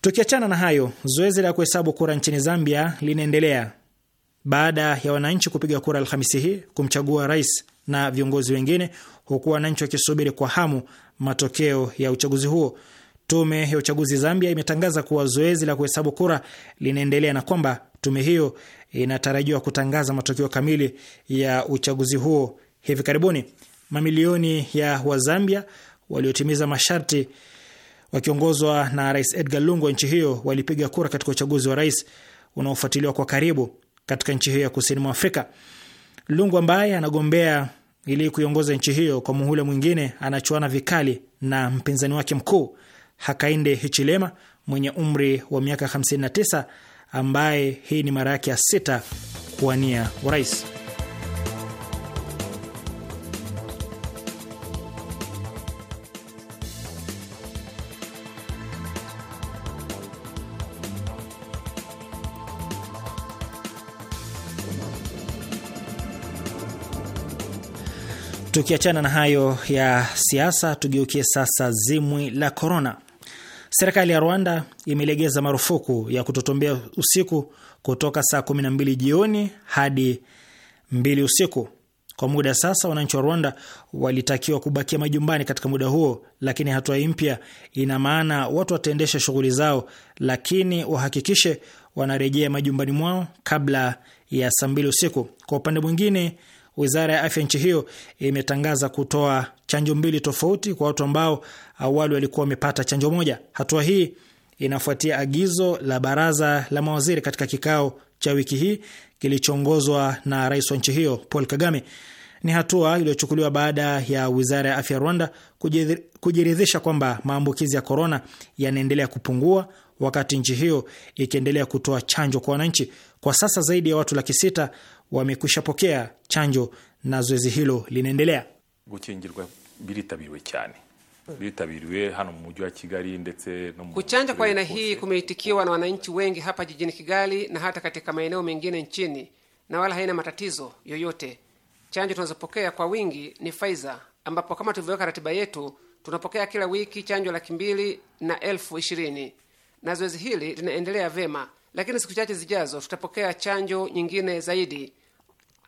Tukiachana na hayo, zoezi la kuhesabu kura nchini Zambia linaendelea baada ya wananchi kupiga kura Alhamisi hii kumchagua rais na viongozi wengine, huku wananchi wakisubiri kwa hamu matokeo ya uchaguzi huo. Tume ya uchaguzi Zambia imetangaza kuwa zoezi la kuhesabu kura linaendelea na kwamba tume hiyo inatarajiwa kutangaza matokeo kamili ya uchaguzi huo hivi karibuni. Mamilioni ya Wazambia waliotimiza masharti wakiongozwa na Rais Edgar Lungu wa nchi hiyo walipiga kura katika uchaguzi wa rais unaofuatiliwa kwa karibu katika nchi hiyo ya kusini mwa Afrika. Lungu ambaye anagombea ili kuiongoza nchi hiyo kwa muhula mwingine, anachuana vikali na mpinzani wake mkuu Hakainde Hichilema mwenye umri wa miaka 59 ambaye hii ni mara yake ya sita kuwania urais. Tukiachana na hayo ya siasa, tugeukie sasa zimwi la korona. Serikali ya Rwanda imelegeza marufuku ya kutotombea usiku kutoka saa 12 jioni hadi 2 usiku. Kwa muda sasa, wananchi wa Rwanda walitakiwa kubakia majumbani katika muda huo, lakini hatua mpya ina maana watu wataendesha shughuli zao, lakini wahakikishe wanarejea majumbani mwao kabla ya saa 2 usiku. Kwa upande mwingine Wizara ya afya nchi hiyo imetangaza kutoa chanjo mbili tofauti kwa watu ambao awali walikuwa wamepata chanjo moja. Hatua hii inafuatia agizo la baraza la mawaziri katika kikao cha wiki hii kilichoongozwa na rais wa nchi hiyo Paul Kagame. Ni hatua iliyochukuliwa baada ya wizara ya afya Rwanda kujiridhisha kwamba maambukizi ya korona yanaendelea kupungua wakati nchi hiyo ikiendelea kutoa chanjo kwa wananchi. Kwa sasa zaidi ya watu laki sita wamekwisha pokea chanjo na zoezi hilo linaendelea. gukingirwa cyane bitabiriwe hano mu mujyi wa Kigali ndetse no mu kuchanja kwa aina hii kumeitikiwa na wananchi wengi hapa jijini Kigali na hata katika maeneo mengine nchini na wala haina matatizo yoyote. Chanjo tunazopokea kwa wingi ni Pfizer ambapo kama tulivyoweka ratiba yetu tunapokea kila wiki chanjo laki mbili na elfu ishirini na zoezi hili linaendelea vema, lakini siku chache zijazo tutapokea chanjo nyingine zaidi,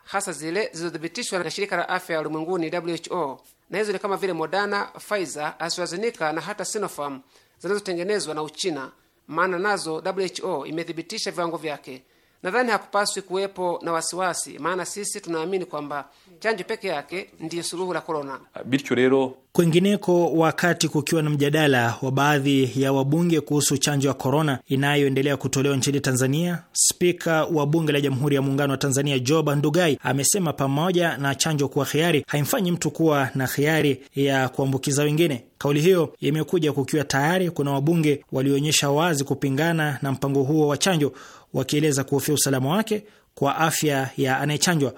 hasa zile zilizothibitishwa na shirika la afya ulimwenguni WHO na hizo ni kama vile Moderna, Pfizer, AstraZeneca na hata Sinopharm zinazotengenezwa na Uchina, maana nazo WHO imethibitisha viwango vyake Nadhani hakupaswi kuwepo na wasiwasi, maana sisi tunaamini kwamba chanjo peke yake ndiyo suluhu la korona. Bityo rero Kwengineko, wakati kukiwa na mjadala wa baadhi ya wabunge kuhusu chanjo ya korona inayoendelea kutolewa nchini Tanzania, spika wa bunge la Jamhuri ya Muungano wa Tanzania Joba Ndugai amesema pamoja na chanjo kuwa hiari, haimfanyi mtu kuwa na hiari ya kuambukiza wengine. Kauli hiyo imekuja kukiwa tayari kuna wabunge walioonyesha wazi kupingana na mpango huo wa chanjo wakieleza kuhofia usalama wake kwa afya ya anayechanjwa.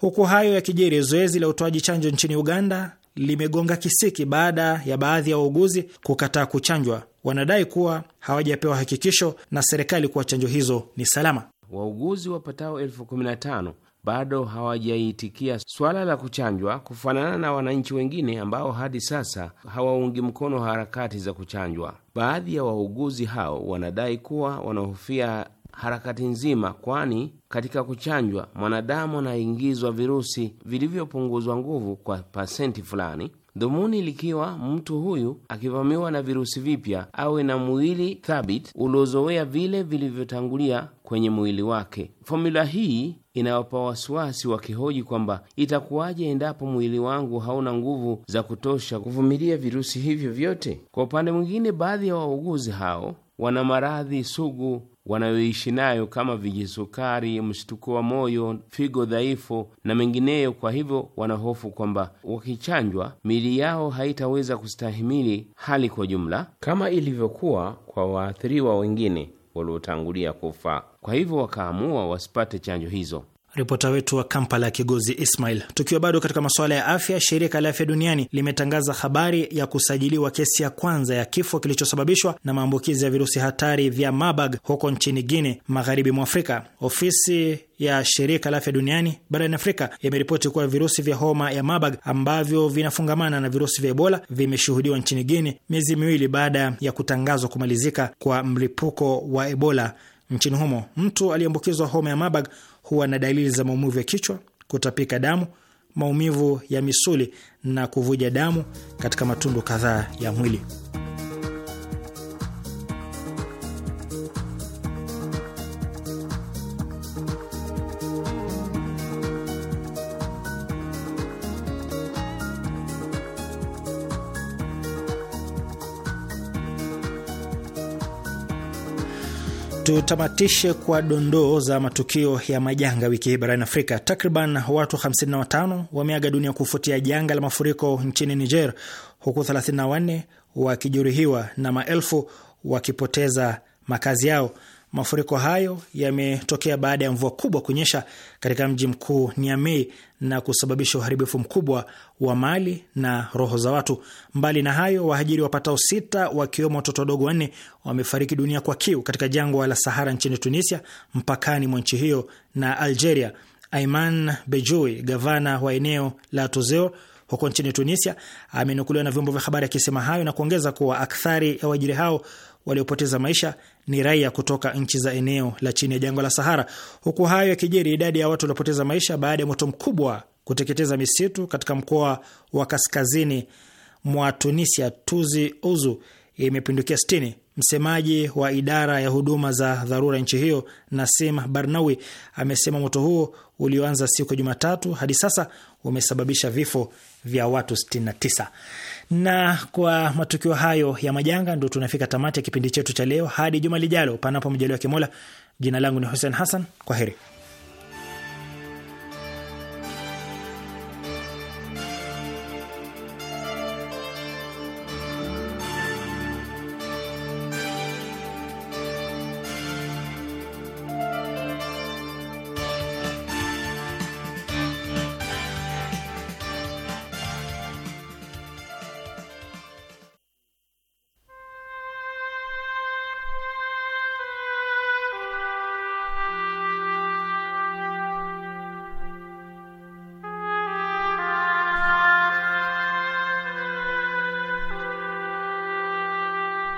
Huku hayo ya kijeri, zoezi la utoaji chanjo nchini Uganda limegonga kisiki baada ya baadhi ya wauguzi kukataa kuchanjwa. Wanadai kuwa hawajapewa hakikisho na serikali kuwa chanjo hizo ni salama. Wauguzi wapatao elfu kumi na tano bado hawajaitikia swala la kuchanjwa, kufanana na wananchi wengine ambao hadi sasa hawaungi mkono harakati za kuchanjwa. Baadhi ya wauguzi hao wanadai kuwa wanahofia harakati nzima, kwani katika kuchanjwa mwanadamu anaingizwa virusi vilivyopunguzwa nguvu kwa pasenti fulani, dhumuni likiwa mtu huyu akivamiwa na virusi vipya awe na mwili thabiti uliozoea vile vilivyotangulia kwenye mwili wake. Fomula hii inawapa wasiwasi wakihoji kwamba itakuwaje endapo mwili wangu hauna nguvu za kutosha kuvumilia virusi hivyo vyote. Kwa upande mwingine, baadhi ya wauguzi hao wana maradhi sugu wanayoishi nayo kama vijisukari, mshtuko wa moyo, figo dhaifu na mengineyo. Kwa hivyo wanahofu kwamba wakichanjwa miili yao haitaweza kustahimili hali kwa jumla kama ilivyokuwa kwa waathiriwa wengine waliotangulia kufa. Kwa hivyo wakaamua wasipate chanjo hizo ripota wetu wa Kampala ya Kigozi Ismail. Tukiwa bado katika masuala ya afya, shirika la afya duniani limetangaza habari ya kusajiliwa kesi ya kwanza ya kifo kilichosababishwa na maambukizi ya virusi hatari vya Marburg huko nchini guine magharibi mwa Afrika. Ofisi ya shirika la afya duniani barani Afrika yameripoti kuwa virusi vya homa ya Marburg ambavyo vinafungamana na virusi vya Ebola vimeshuhudiwa nchini Guinea miezi miwili baada ya kutangazwa kumalizika kwa mlipuko wa Ebola nchini humo. Mtu aliyeambukizwa homa ya Marburg huwa na dalili za maumivu ya kichwa, kutapika damu, maumivu ya misuli na kuvuja damu katika matundu kadhaa ya mwili. Tutamatishe kwa dondoo za matukio ya majanga wiki hii barani Afrika. Takriban watu 55 wameaga dunia kufuatia janga la mafuriko nchini Niger, huku 34 wakijeruhiwa na maelfu wakipoteza makazi yao. Mafuriko hayo yametokea baada ya mvua kubwa kunyesha katika mji mkuu Niamey na kusababisha uharibifu mkubwa wa mali na roho za watu. Mbali na hayo, wahajiri wapatao sita wakiwemo watoto wadogo wanne wamefariki dunia kwa kiu katika jangwa la Sahara nchini Tunisia, mpakani mwa nchi hiyo na Algeria. Aiman Bejoui, gavana wa eneo la Tozeo huko nchini Tunisia, amenukuliwa na vyombo vya habari akisema hayo na kuongeza kuwa akthari ya waajiri hao waliopoteza maisha ni raia kutoka nchi za eneo la chini ya jangwa la Sahara. Huku hayo yakijiri, idadi ya watu waliopoteza maisha baada ya moto mkubwa kuteketeza misitu katika mkoa wa kaskazini mwa Tunisia, Tuzi Uzu, imepindukia 60 Msemaji wa idara ya huduma za dharura nchi hiyo Nasim Barnawi amesema moto huo ulioanza siku ya Jumatatu hadi sasa umesababisha vifo vya watu 69. Na kwa matukio hayo ya majanga, ndo tunafika tamati ya kipindi chetu cha leo. Hadi juma lijalo, panapo mjaliwa Kimola. Jina langu ni Hussein Hassan, kwa heri.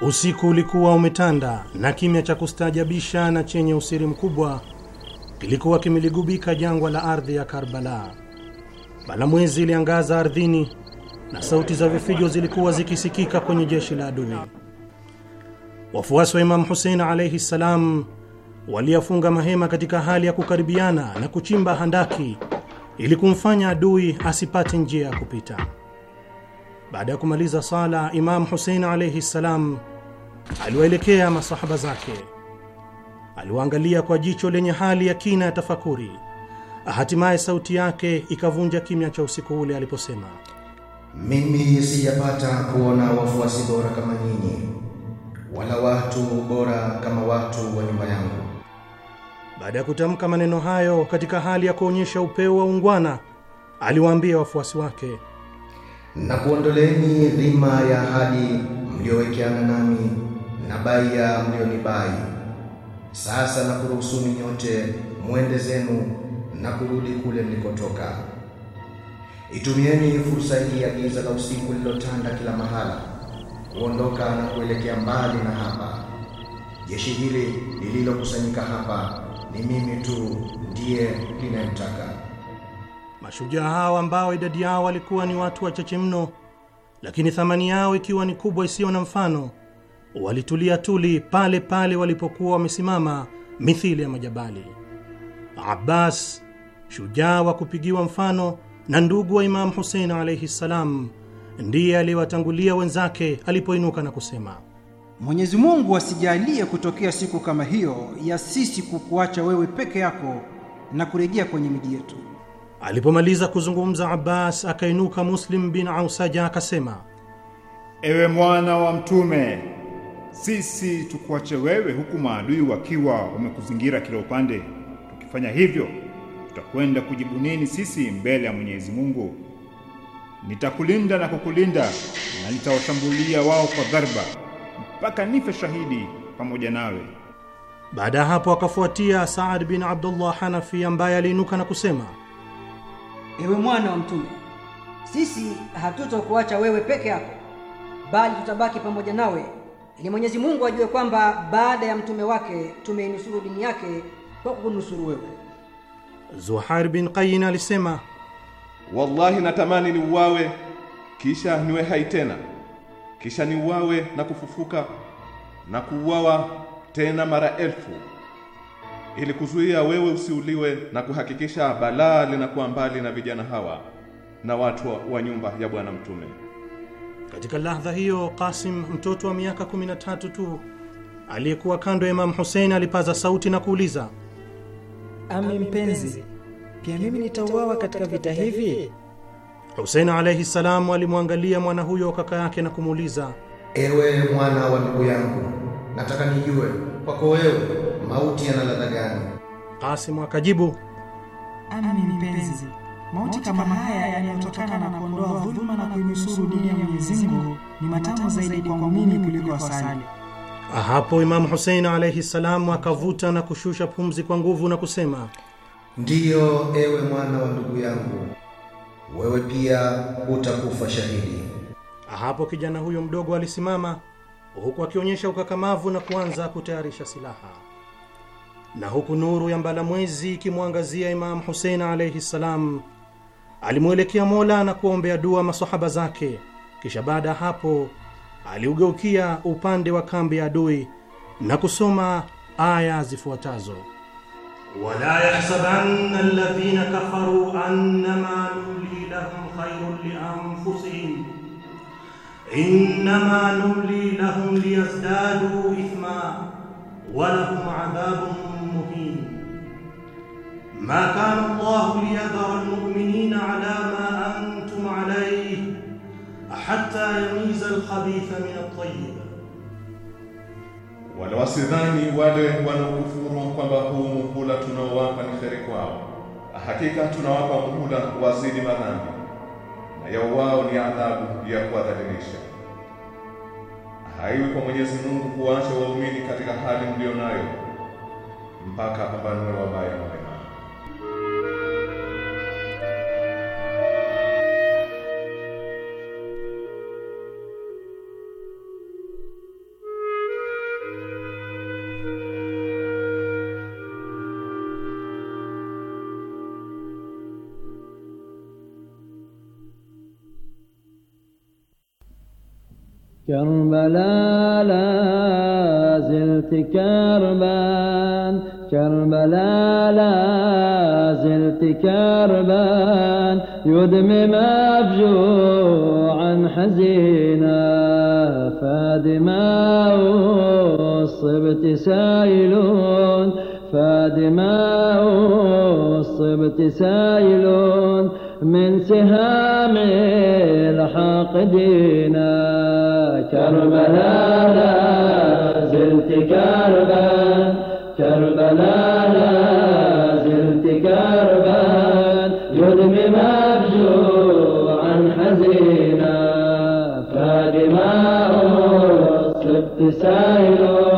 Usiku ulikuwa umetanda na kimya cha kustaajabisha na chenye usiri mkubwa kilikuwa kimeligubika jangwa la ardhi ya Karbala. mwezi iliangaza ardhini na sauti za vifijo zilikuwa zikisikika kwenye jeshi la adui. Wafuasi wa Imamu Husein alaihi ssalam waliyafunga mahema katika hali ya kukaribiana na kuchimba handaki ili kumfanya adui asipate njia ya kupita. Baada ya kumaliza sala, Imamu Husein alaihi ssalam aliwaelekea masahaba zake, aliwaangalia kwa jicho lenye hali ya kina ya tafakuri. Hatimaye sauti yake ikavunja kimya cha usiku ule aliposema, mimi sijapata kuona wafuasi bora kama nyinyi wala watu bora kama watu wa nyumba yangu. Baada ya kutamka maneno hayo katika hali ya kuonyesha upeo wa ungwana, aliwaambia wafuasi wake, na kuondoleni dhima ya ahadi mliyowekeana nami na baiya mlionibai. Sasa na kuruhusuni nyote mwende zenu na kurudi kule mlikotoka. Itumieni fursa hii ya giza la usiku lililotanda kila mahala kuondoka na kuelekea mbali na hapa. Jeshi hili lililokusanyika hapa ni mimi tu ndiye ninayemtaka. Mashujaa hao ambao idadi yao walikuwa ni watu wachache mno, lakini thamani yao ikiwa ni kubwa isiyo na mfano walitulia tuli pale pale walipokuwa wamesimama mithili ya majabali. Abbas, shujaa wa kupigiwa mfano na ndugu wa Imamu Husein alaihi ssalam, ndiye aliyewatangulia wenzake alipoinuka na kusema, Mwenyezi Mungu asijalie kutokea siku kama hiyo ya sisi kukuacha wewe peke yako na kurejea kwenye miji yetu. Alipomaliza kuzungumza, Abbas akainuka Muslim bin Ausaja akasema, ewe mwana wa Mtume sisi tukuache wewe, huku maadui wakiwa wamekuzingira kila upande. Tukifanya hivyo, tutakwenda kujibu nini sisi mbele ya Mwenyezi Mungu? Nitakulinda na kukulinda na nitawashambulia wao kwa dharba mpaka nife shahidi pamoja nawe. Baada ya hapo akafuatia Saad bin Abdullah Hanafi ambaye aliinuka na kusema, ewe mwana wa Mtume, sisi hatutokuacha wewe peke yako, bali tutabaki pamoja nawe ili Mwenyezi Mungu ajue kwamba baada ya mtume wake tumeinusuru dini yake kwa kukunusuru wewe. Zuhair bin Qayn alisema, wallahi natamani niuawe kisha niwe hai tena, kisha niuawe na kufufuka na kuuawa tena mara elfu, ili kuzuia wewe usiuliwe na kuhakikisha balaa linakuwa mbali na vijana hawa na watu wa nyumba ya Bwana Mtume. Katika lahdha hiyo, Kasim mtoto wa miaka 13 tu aliyekuwa kando ya Imamu Husein alipaza sauti na kuuliza, ami mpenzi, pia mimi nitauawa katika vita hivi? Husein alaihi salamu alimwangalia mwana huyo kaka yake na kumuuliza, ewe mwana wa ndugu yangu, nataka nijue kwako wewe mauti yana ladha gani? Kasimu akajibu, ami mpenzi Mauti kama haya yanayotokana na kuondoa dhuluma na kuinusuru dini ya Mwenyezi Mungu ni matamu zaidi kwangu mimi kuliko asali. Hapo Imamu Husein alaihi ssalamu akavuta na kushusha pumzi kwa nguvu na kusema, ndiyo ewe mwana wa ndugu yangu, wewe pia utakufa shahidi. Hapo kijana huyo mdogo alisimama huku akionyesha ukakamavu na kuanza kutayarisha silaha, na huku nuru ya mbalamwezi ikimwangazia Imamu Husein alaihi ssalam alimwelekea Mola na kuombea dua masahaba zake. Kisha baada ya hapo aliugeukia upande wa kambi ya adui na kusoma aya zifuatazo: wala yahsabanna alladhina kafaru annama numli lahum khayrun li anfusihim innama numli lahum liyazdadu ithma wa lahum adhabun ما كان الله ليذر المؤمنين على ما أنتم عليه حتى يميز الخبيث من الطيب wala wasidhani wale wanaokufuru kwamba huu muhula tunaowapa ni kheri kwao hakika tunawapa muhula wazidi madhambi na yao wao ni adhabu ya kuwadhalilisha haiwi kwa mwenyezi mungu kuwaacha waumini katika hali mlio nayo mpaka apambanue wabaya mabaya كربلا لا زلت كربان كربلا لا زلت كربان يدمي مفجوعا حزينا فادي ما سائلون فادي ما سائلون من سهام الحاقدين كربلاء لا زلت كربا كربلاء لا زلت كربا يدمي مبجوعا حزينا فدماء سبت سائلون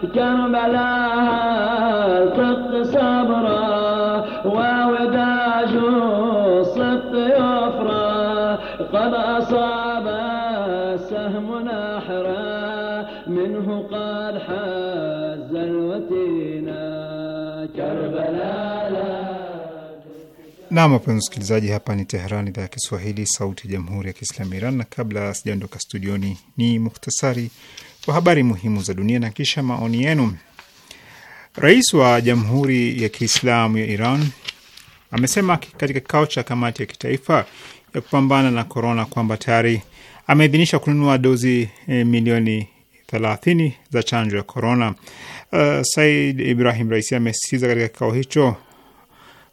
كربلا صدق صبرا ووداج صدق يفرا قد أصاب سهم نحرا منه قد حز الوتينا كربلاء Naam, wapenzi msikilizaji, hapa ni Teheran, idhaa ya Kiswahili, sauti ya jamhuri ya kiislamu Iran. Na kabla sijaondoka studioni, ni muhtasari kwa habari muhimu za dunia na kisha maoni yenu. Rais wa Jamhuri ya Kiislamu ya Iran amesema katika kikao cha kamati ya kitaifa ya kupambana na korona kwamba tayari ameidhinisha kununua dozi e, milioni 30 za chanjo ya korona. Uh, eh, Said Ibrahim Raisi amesisitiza katika kikao hicho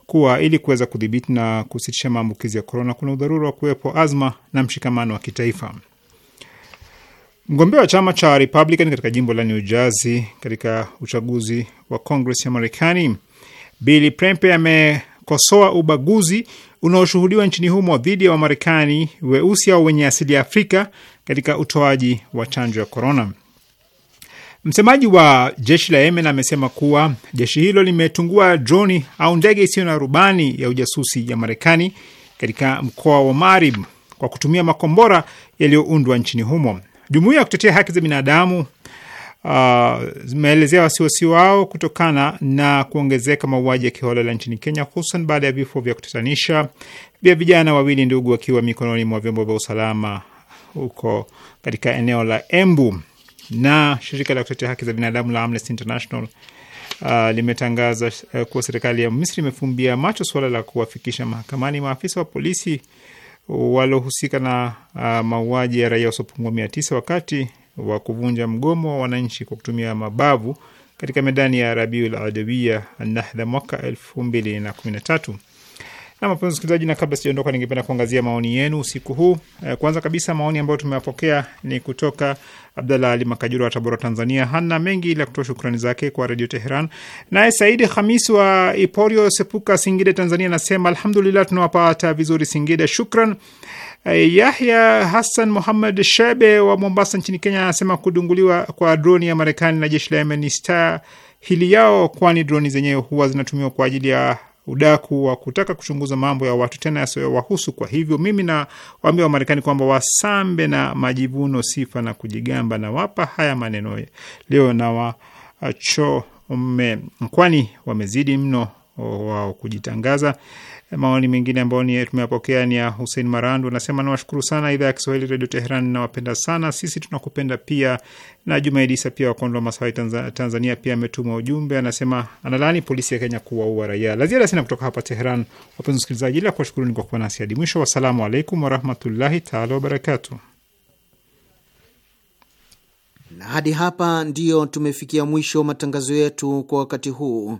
kuwa ili kuweza kudhibiti na kusitisha maambukizi ya korona kuna udharuri wa kuwepo azma na mshikamano wa kitaifa. Mgombea wa chama cha Republican katika jimbo la New Jersey katika uchaguzi wa Congress ya Marekani, Billy Prempe amekosoa ubaguzi unaoshuhudiwa nchini humo dhidi ya Wamarekani weusi au wenye asili ya Afrika katika utoaji wa chanjo ya korona. Msemaji wa jeshi la Yemen amesema kuwa jeshi hilo limetungua droni au ndege isiyo na rubani ya ujasusi ya Marekani katika mkoa wa Marib kwa kutumia makombora yaliyoundwa nchini humo. Jumuiya ya kutetea haki za binadamu uh, zimeelezea wasiwasi wao kutokana na kuongezeka mauaji ya kiholela nchini Kenya, hususan baada ya vifo vya kutatanisha vya vijana wawili ndugu wakiwa mikononi mwa vyombo vya usalama huko katika eneo la Embu. Na shirika la kutetea haki za binadamu la Amnesty International uh, limetangaza uh, kuwa serikali ya Misri imefumbia macho suala la kuwafikisha mahakamani maafisa wa polisi walohusika na uh, mauaji ya raia wasiopungua mia tisa wakati wa kuvunja mgomo wa wananchi kwa kutumia mabavu katika medani ya Rabiul Adawiya Nahdha mwaka elfu mbili na kumi na tatu. Na mapenzi msikilizaji, na kabla sijaondoka, ningependa kuangazia maoni yenu usiku huu. Eh, kwanza kabisa maoni ambayo tumewapokea ni kutoka Abdallah Ali Makajura wa Tabora, Tanzania. Hana mengi ila kutoa shukrani zake kwa Redio Teheran. Naye Saidi Khamis wa Iporio Sepuka, Singida, Tanzania anasema alhamdulillah, tunawapata vizuri Singida, shukran. Eh, Yahya Hassan Muhammad Shebe wa Mombasa nchini Kenya anasema kudunguliwa kwa droni ya Marekani na jeshi la Yemen ni hili yao, kwani droni zenyewe huwa zinatumiwa kwa ajili ya udaku wa kutaka kuchunguza mambo ya watu tena yasiyowahusu. Kwa hivyo mimi nawaambia Wamarekani kwamba wasambe na majivuno, sifa na kujigamba, na wapa haya maneno leo na wachome, kwani wamezidi mno wao kujitangaza Maoni mengine ambayo ni tumeyapokea ni ya Hussein Marandu, anasema nawashukuru sana idhaa ya Kiswahili redio Teheran, nawapenda sana. Sisi tunakupenda pia. Na Jumaidi Isa pia wakondwa masawi Tanzania pia ametuma ujumbe, anasema analani polisi ya Kenya kuwaua raia. La ziada sina kutoka hapa Tehran, wapenzi wasikilizaji, ila kuwashukuruni kwa kuwa nasi hadi mwisho. Wassalamu alaikum warahmatullahi taala wabarakatuh. Na hadi hapa ndio tumefikia mwisho matangazo yetu kwa wakati huu.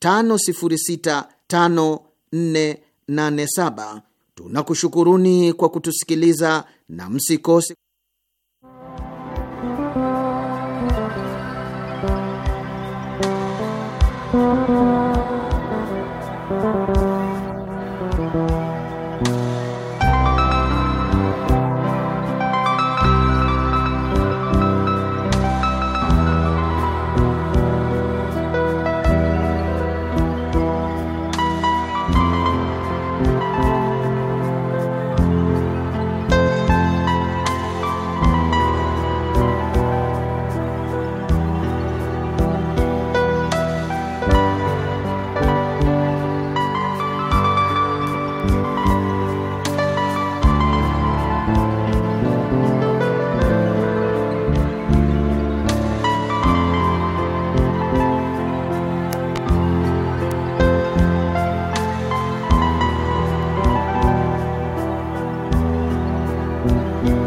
5065487. Tunakushukuruni kwa kutusikiliza na msikose Thank you.